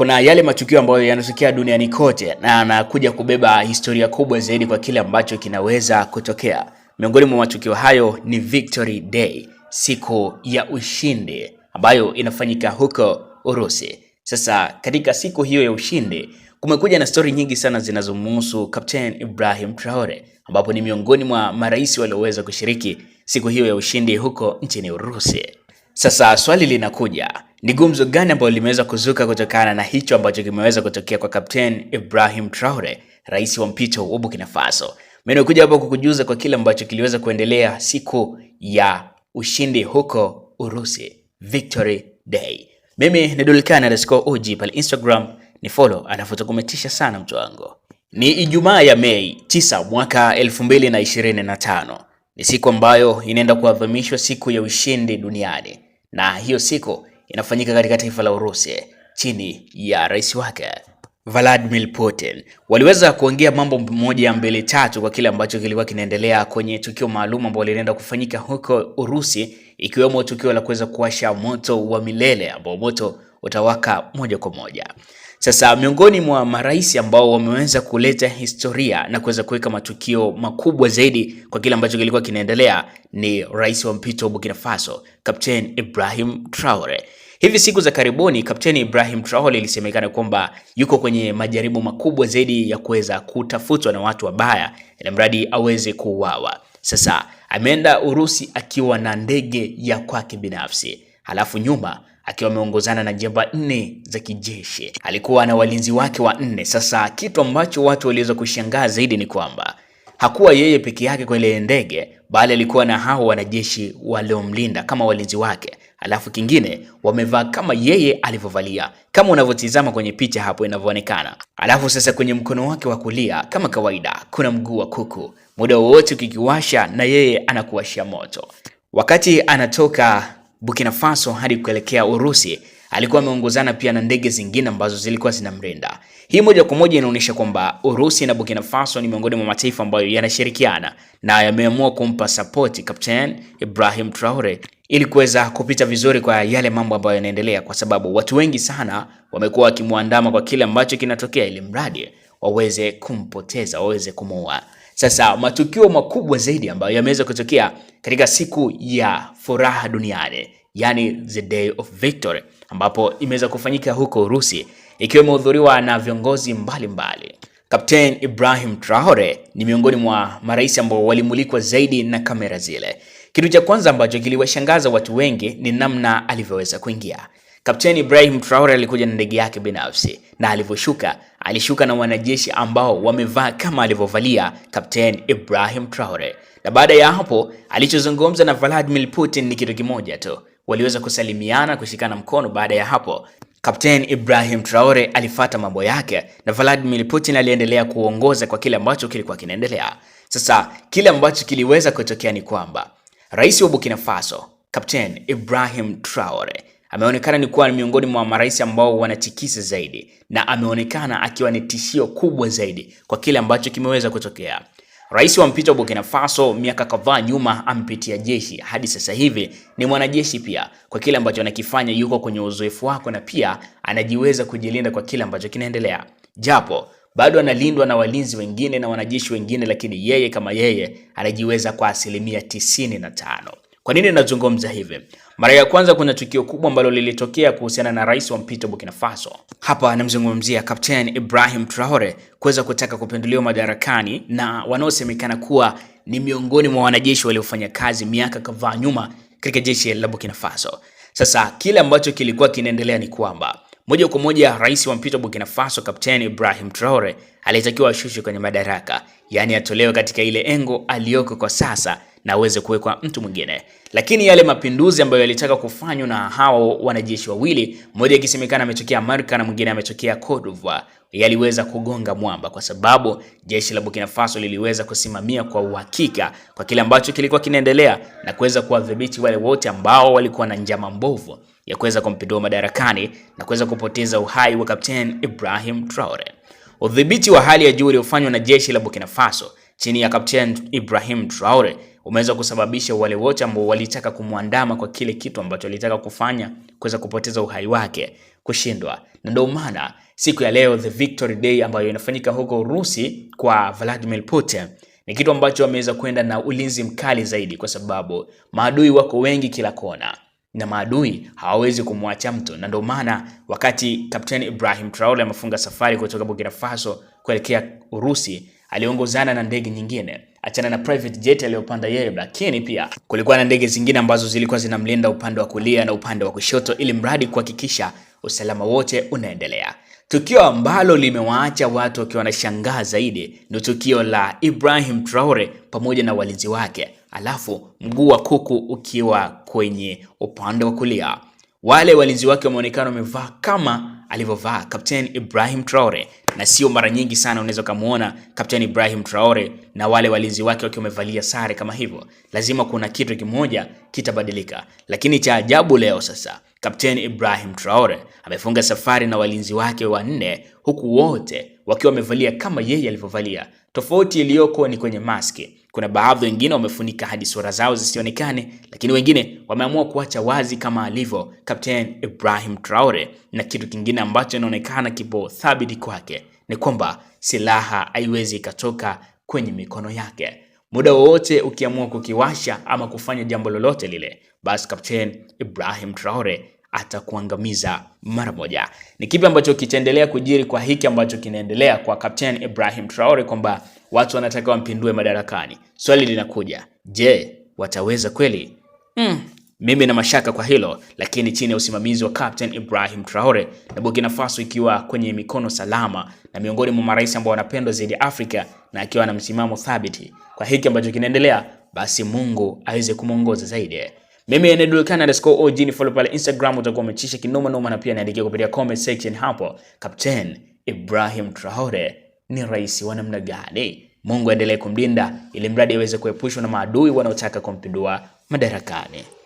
kuna yale matukio ambayo yanatokea duniani kote na anakuja kubeba historia kubwa zaidi kwa kile ambacho kinaweza kutokea. Miongoni mwa matukio hayo ni Victory Day, siku ya ushindi ambayo inafanyika huko Urusi. Sasa katika siku hiyo ya ushindi kumekuja na stori nyingi sana zinazomhusu Captain Ibrahim Traore, ambapo ni miongoni mwa marais walioweza kushiriki siku hiyo ya ushindi huko nchini Urusi. Sasa swali linakuja ni gumzo gani ambalo limeweza kuzuka kutokana na hicho ambacho kimeweza kutokea kwa Kapteni Ibrahim Traore, rais wa mpito wa Burkina Faso? Mimi nimekuja hapa kukujuza kwa kile ambacho kiliweza kuendelea siku ya ushindi huko Urusi, Victory Day. Mimi ni Dulkan underscore OG pale Instagram, ni follow kumetisha sana mtu wangu. Ni Ijumaa ya Mei 9 mwaka 2025. Ni siku ambayo inaenda kuadhimishwa siku ya ushindi duniani, na hiyo siku inafanyika katika taifa la Urusi chini ya rais wake Vladimir Putin. Waliweza kuongea mambo moja mbele tatu kwa kile ambacho kilikuwa kinaendelea kwenye tukio maalum ambalo linaenda kufanyika huko Urusi ikiwemo tukio la kuweza kuwasha moto wa milele ambao moto utawaka moja kwa moja. Sasa miongoni mwa marais ambao wameweza kuleta historia na kuweza kuweka matukio makubwa zaidi kwa kile ambacho kilikuwa kinaendelea ni rais wa mpito wa Burkina Faso, Kapteni Ibrahim Traore. Hivi siku za karibuni Kapteni Ibrahim Traore ilisemekana kwamba yuko kwenye majaribu makubwa zaidi ya kuweza kutafutwa na watu wabaya ili mradi aweze kuuawa. Sasa ameenda Urusi akiwa na ndege ya kwake binafsi, halafu nyuma akiwa ameongozana na jemba nne za kijeshi, alikuwa na walinzi wake wa nne. Sasa kitu ambacho watu waliweza kushangaa zaidi ni kwamba hakuwa yeye peke yake kwa ile ndege, bali alikuwa na hao wanajeshi waliomlinda kama walinzi wake. Alafu kingine wamevaa kama yeye alivyovalia, kama unavyotizama kwenye picha hapo inavyoonekana. Alafu sasa kwenye mkono wake wa kulia, kama kawaida, kuna mguu wa kuku, muda wowote ukikiwasha na yeye anakuwashia moto. Wakati anatoka Burkina Faso hadi kuelekea Urusi alikuwa ameongozana pia na ndege zingine ambazo zilikuwa zinamrinda. Hii moja kwa moja inaonyesha kwamba Urusi na Burkina Faso ni miongoni mwa mataifa ambayo yanashirikiana na yameamua kumpa sapoti Captain Ibrahim Traore ili kuweza kupita vizuri kwa yale mambo ambayo yanaendelea, kwa sababu watu wengi sana wamekuwa wakimwandama kwa kile ambacho kinatokea, ili mradi waweze kumpoteza, waweze kumuua. Sasa matukio makubwa zaidi ambayo yameweza kutokea katika siku ya furaha duniani yani the day of victory, ambapo imeweza kufanyika huko Urusi ikiwa imehudhuriwa na viongozi mbalimbali. Kapteni Ibrahim Traore ni miongoni mwa marais ambao walimulikwa zaidi na kamera zile. Kitu cha kwanza ambacho kiliwashangaza watu wengi ni namna alivyoweza kuingia. Kapteni Ibrahim Traore alikuja na ndege yake binafsi na alivyoshuka, alishuka na wanajeshi ambao wamevaa kama alivyovalia Kapteni Ibrahim Traore. Na baada ya hapo, alichozungumza na Vladimir Putin ni kitu kimoja tu, waliweza kusalimiana kushikana mkono. Baada ya hapo, Kapteni Ibrahim Traore alifata mambo yake na Vladimir Putin aliendelea kuongoza kwa kile ambacho kilikuwa kinaendelea. Sasa kile ambacho kiliweza kutokea ni kwamba rais wa Burkina Faso Kapteni Ibrahim Traore ameonekana ni kuwa miongoni mwa marais ambao wanatikisa zaidi na ameonekana akiwa ni tishio kubwa zaidi kwa kile ambacho kimeweza kutokea. Rais wa mpito wa Burkina Faso miaka kadhaa nyuma amepitia jeshi, hadi sasa hivi ni mwanajeshi pia. Kwa kile ambacho anakifanya, yuko kwenye uzoefu wako na pia anajiweza kujilinda kwa kile ambacho kinaendelea, japo bado analindwa na walinzi wengine na wanajeshi wengine, lakini yeye kama yeye anajiweza kwa asilimia tisini na tano. Kwa nini nazungumza hivi? Mara ya kwanza kuna tukio kubwa ambalo lilitokea kuhusiana na rais wa mpito Burkina Faso. Hapa anamzungumzia Captain Ibrahim Traore kuweza kutaka kupinduliwa madarakani na wanaosemekana kuwa ni miongoni mwa wanajeshi waliofanya kazi miaka kadhaa nyuma katika jeshi la Burkina Faso. Sasa kile ambacho kilikuwa kinaendelea ni kwamba moja kwa moja rais wa mpito Burkina Faso Captain Ibrahim Traore alitakiwa ashushwe kwenye madaraka, yaani atolewe katika ile engo aliyoko kwa sasa na aweze kuwekwa mtu mwingine. Lakini yale mapinduzi ambayo yalitaka kufanywa na hao wanajeshi wawili, mmoja akisemekana ametokea Marka na mwingine ametokea Cote d'Ivoire, yaliweza kugonga mwamba kwa sababu jeshi la Burkina Faso liliweza kusimamia kwa uhakika kwa kile ambacho kilikuwa kinaendelea na kuweza kuwadhibiti wale wote ambao walikuwa na njama mbovu ya kuweza kumpindua madarakani na kuweza kupoteza uhai wa Kapteni Ibrahim Traore. Udhibiti wa hali ya juu uliofanywa na jeshi la Burkina Faso chini ya Kapteni Ibrahim Traore umeweza kusababisha wale wote ambao walitaka kumwandama kwa kile kitu ambacho walitaka kufanya kuweza kupoteza uhai wake kushindwa, na ndio maana siku ya leo the Victory Day ambayo inafanyika huko Urusi kwa Vladimir Putin ni kitu ambacho wameweza kwenda na ulinzi mkali zaidi, kwa sababu maadui wako wengi kila kona na maadui hawawezi kumwacha mtu, na ndio maana wakati Kapteni Ibrahim Traore amefunga safari kutoka Burkina Faso kuelekea Urusi aliongozana na ndege nyingine, achana na private jet aliyopanda yeye, lakini pia kulikuwa na ndege zingine ambazo zilikuwa zinamlinda upande wa kulia na upande wa kushoto, ili mradi kuhakikisha usalama wote unaendelea. Tukio ambalo limewaacha watu wakiwa shangaa zaidi ni tukio la Ibrahim Traore pamoja na walinzi wake, alafu mguu wa kuku ukiwa kwenye upande wa kulia. Wale walinzi wake wameonekana wamevaa kama alivyovaa Captain Ibrahim Traore, na sio mara nyingi sana unaweza kumuona Captain Ibrahim Traore na wale walinzi wake wakiwa wamevalia sare kama hivyo. Lazima kuna kitu kimoja kitabadilika, lakini cha ajabu leo sasa Kapteni Ibrahim Traore amefunga safari na walinzi wake wanne, huku wote wakiwa wamevalia kama yeye alivyovalia. Tofauti iliyoko ni kwenye maski. Kuna baadhi wengine wamefunika hadi sura zao zisionekane, lakini wengine wameamua kuacha wazi kama alivyo Kapteni Ibrahim Traore. Na kitu kingine ambacho inaonekana kipo thabiti kwake ni kwamba silaha haiwezi ikatoka kwenye mikono yake muda wowote. Ukiamua kukiwasha ama kufanya jambo lolote lile, basi Captain Ibrahim Traore atakuangamiza mara moja. Ni kipi ambacho kitaendelea kujiri kwa hiki ambacho kinaendelea kwa Captain Ibrahim Traore kwamba watu wanataka wampindue madarakani? Swali linakuja, je, wataweza kweli? Mm, mimi na mashaka kwa hilo, lakini chini ya usimamizi wa Captain Ibrahim Traore na Burkina Faso ikiwa kwenye mikono salama na miongoni mwa marais ambao wanapendwa zaidi Afrika na akiwa na msimamo thabiti kwa hiki ambacho kinaendelea, basi Mungu aweze kumwongoza zaidi. Mimi anajulikana underscore OG ni follow pale Instagram, utakuwa umechisha kinoma noma, na pia niandikia kupitia comment section hapo. Captain Ibrahim Traore ni rais wa namna gani? Mungu aendelee kumlinda ili mradi aweze kuepushwa na maadui wanaotaka kumpindua madarakani.